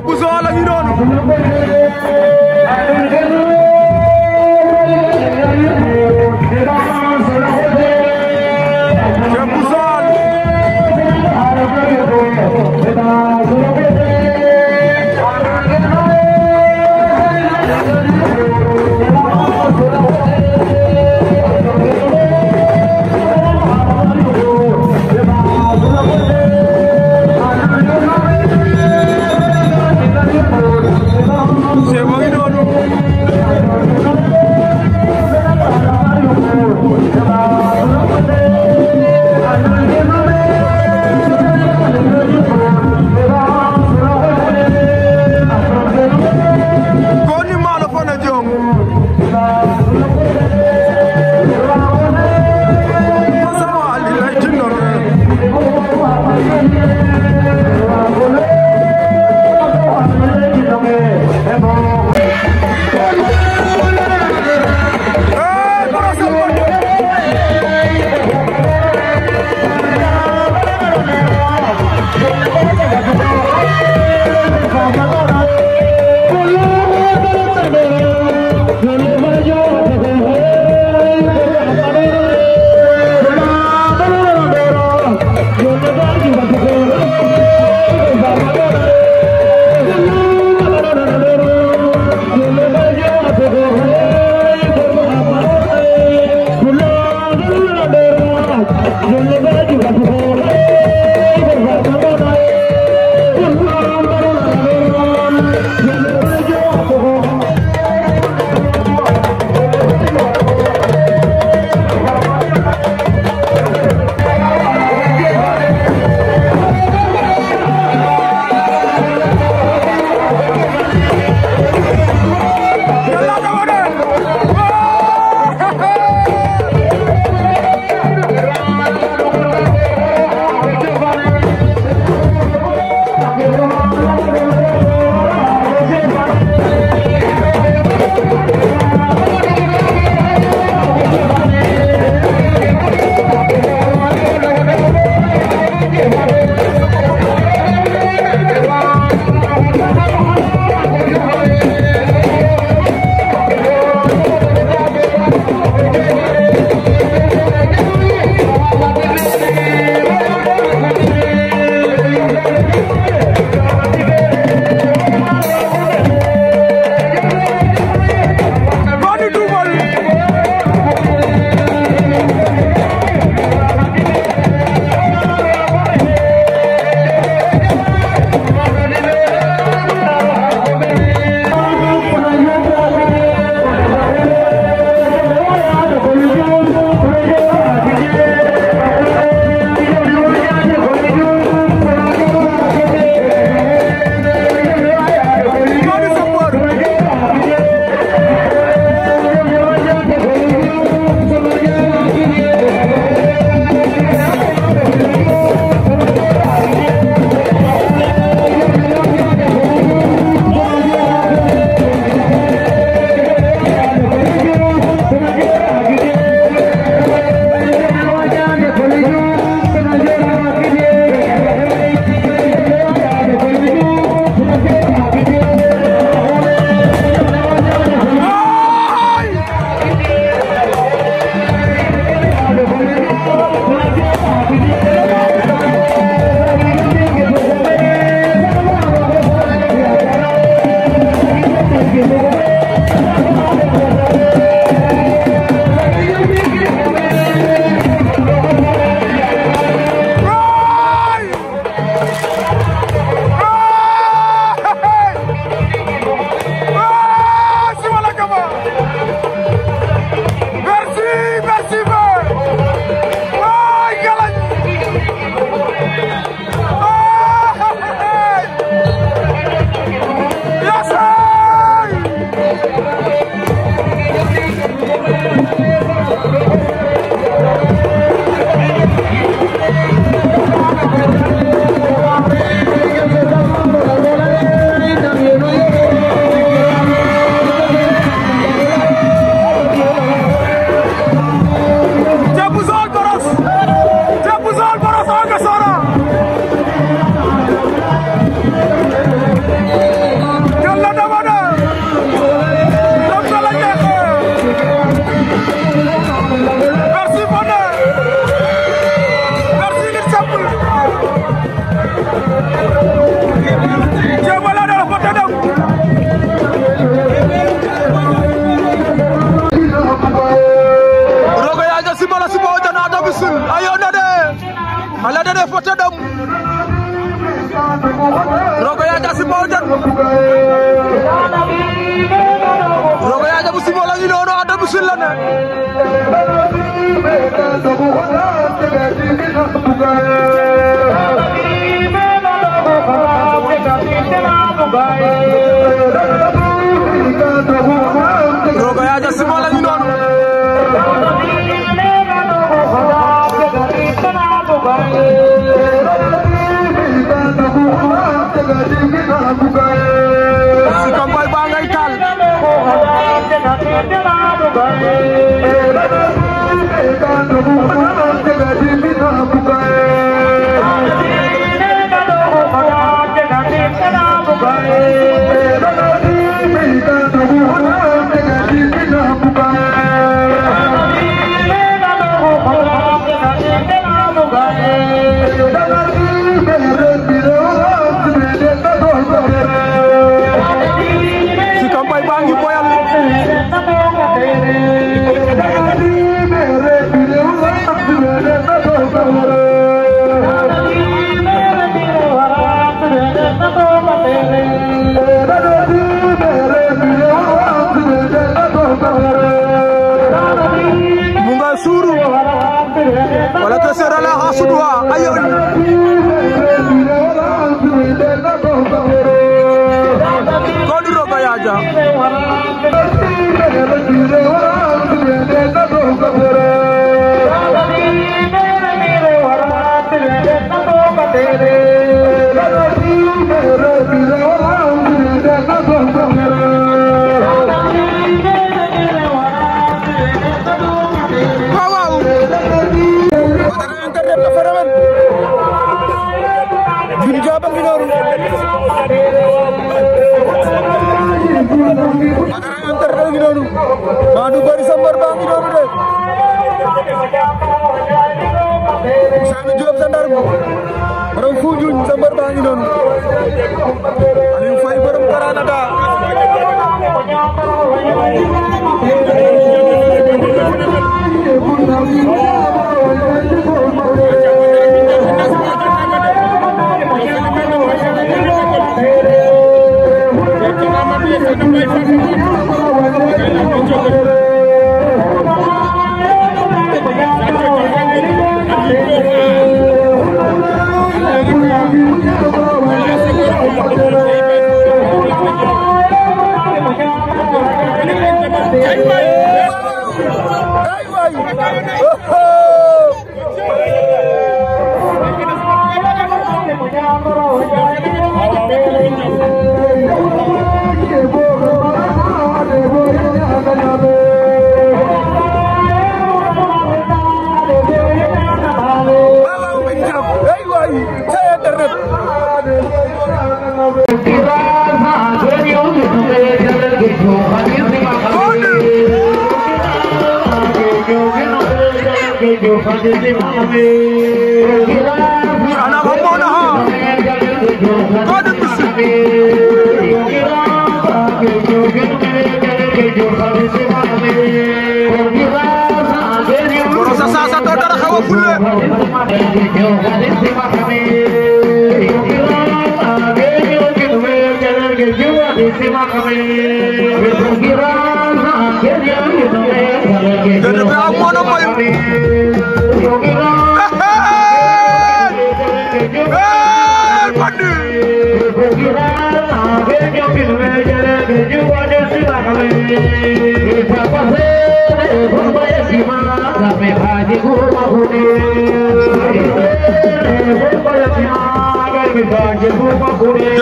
te Bouson la ñu doon ولكن سر لها صدوى أيون قولي روكا يا جا Fadou Bary sa baa ngi noonu de Ousseynou Diop sa ndar borom Foundiougne sa baa ngi noonu أنا غمونها قادت Rosa sasa toda la jawa kule. Jadi apa mono moyo? No,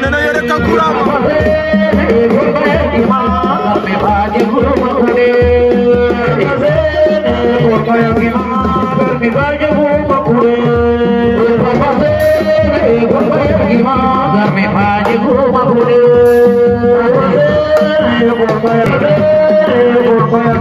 no, no.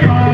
Hey!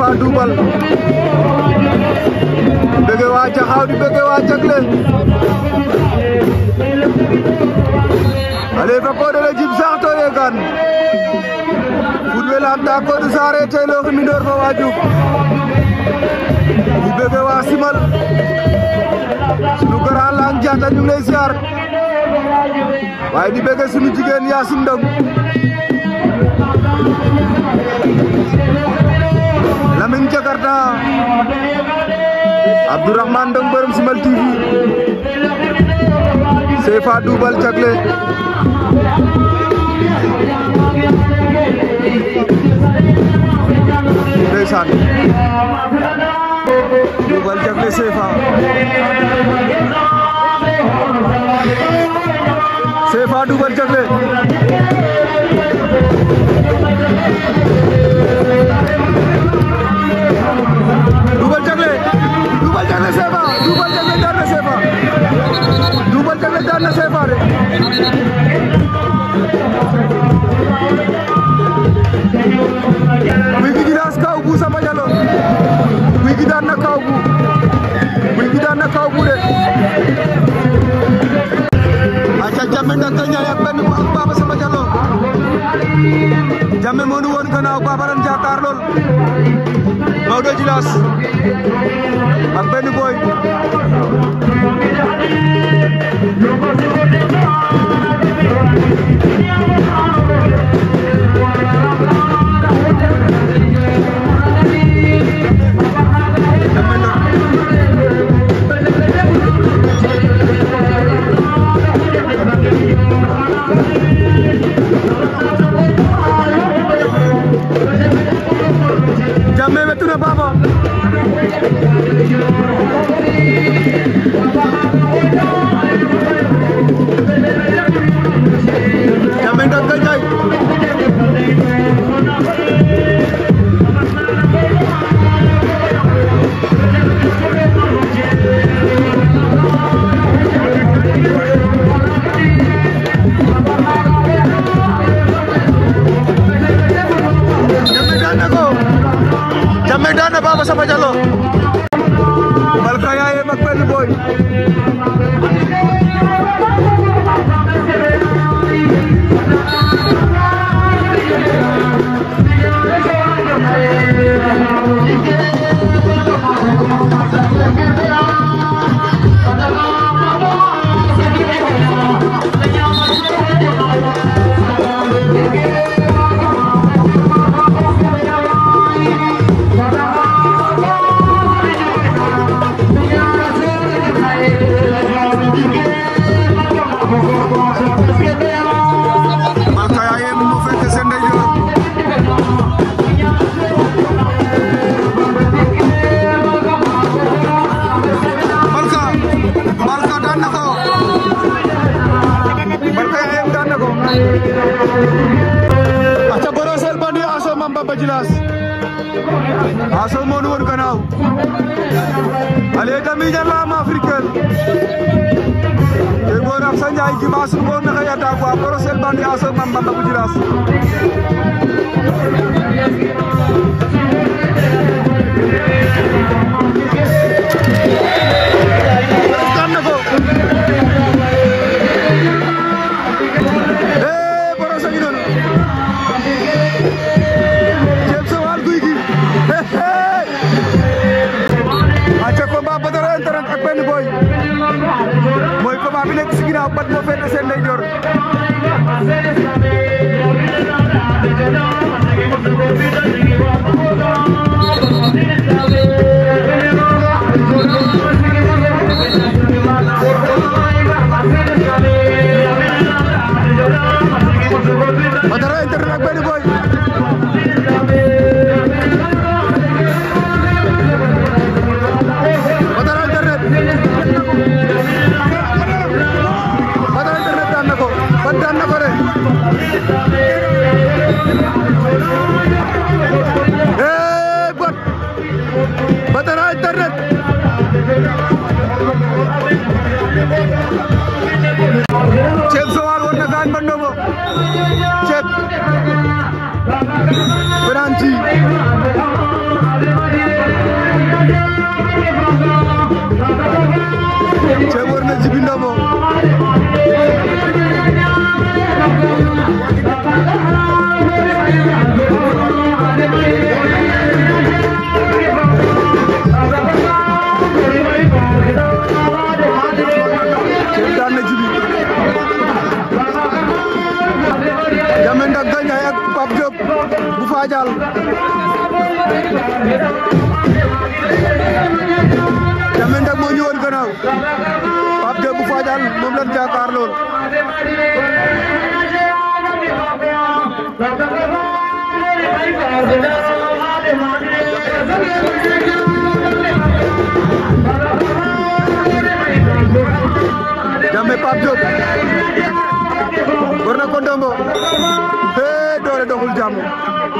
Moustapha Doubal bëgg waa Jaxaaw di bëgg waa Jagle Halifa Kodele jib sax to ye gan Fulɓe lamta Kodou Saré teloxi minor fo wa Diouf i bëgg waa Simal sunu grand lang Diatta ñu ngi lay di bëgg sunu jigéen Yacine Ndong Salim Jakarta Abdourahman Dong Borom Simbel TV Sefa Dubal Cagle ndeysaan Dubal Cagle Sefa Sefa Dubal Cagle diggante Ndiaye ak benn bu am Baba Samba Diallo Jammeh moo nu woon gannaaw Baba Thank you. Familia l'âme africaine. Et bon, Rafsan Yaï qui m'a sur mon oreille à ta voix, pour le seul Franci. Çevirmeci bir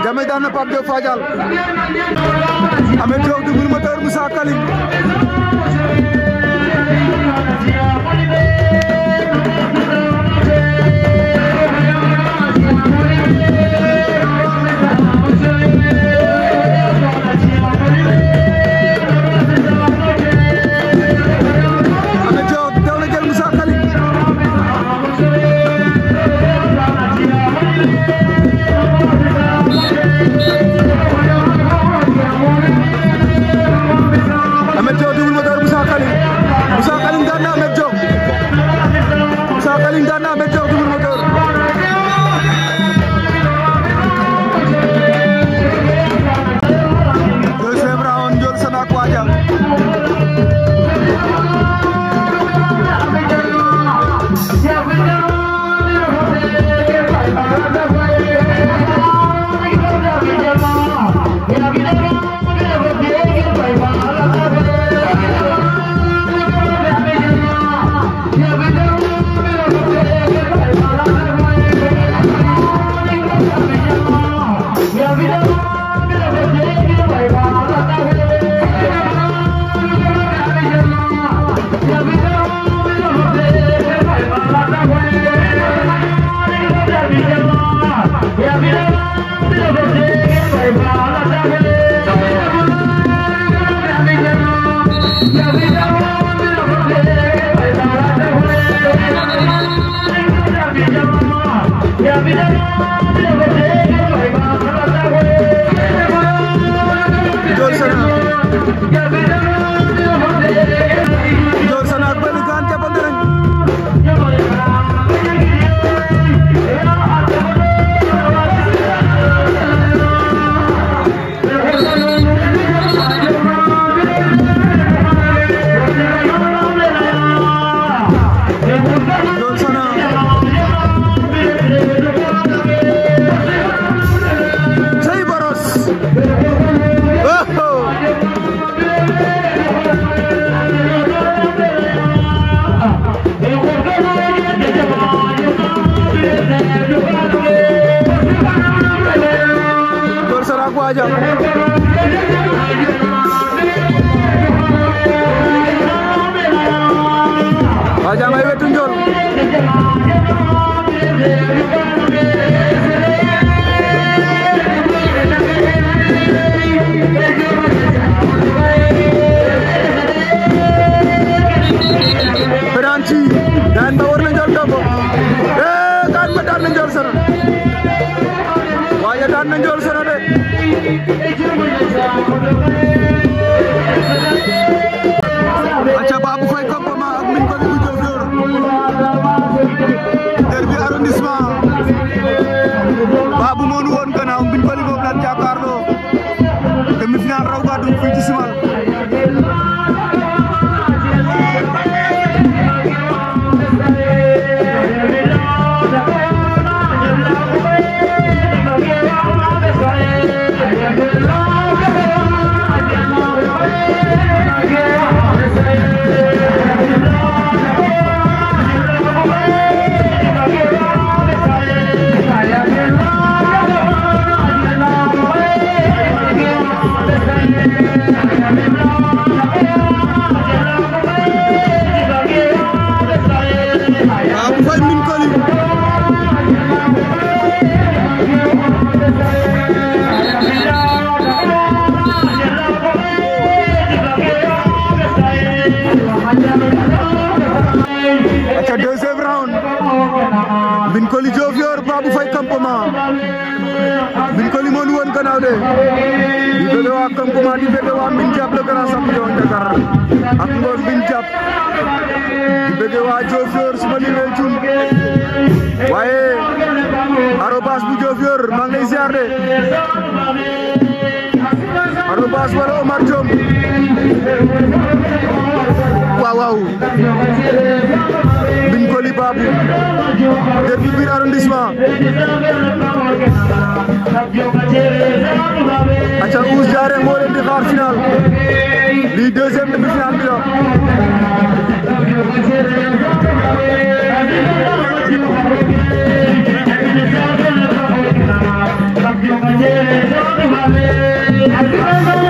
Jame daan na Pape Diop Fadial Ameth Diop dugg na moteur Moussa Kalim जाम तूं ज़ोर Thank you. ca deuxième round Mbine Coly Diofior Babou Faye campement Mbine Coly moo ñu woon de di waa campement di bëgg waa Mbine Diap le grand champion ak Ngor Mbine di bëgg waa Diofior su ma liwee jum waaye arobas bu Diofior maa ngi lay ziar de arobas wala Omar Diom waaw biñ ko li baabu depuis biir arrondissement aca Ouz Diaré moo leen di xaar final lii deuxième demi-finale bi la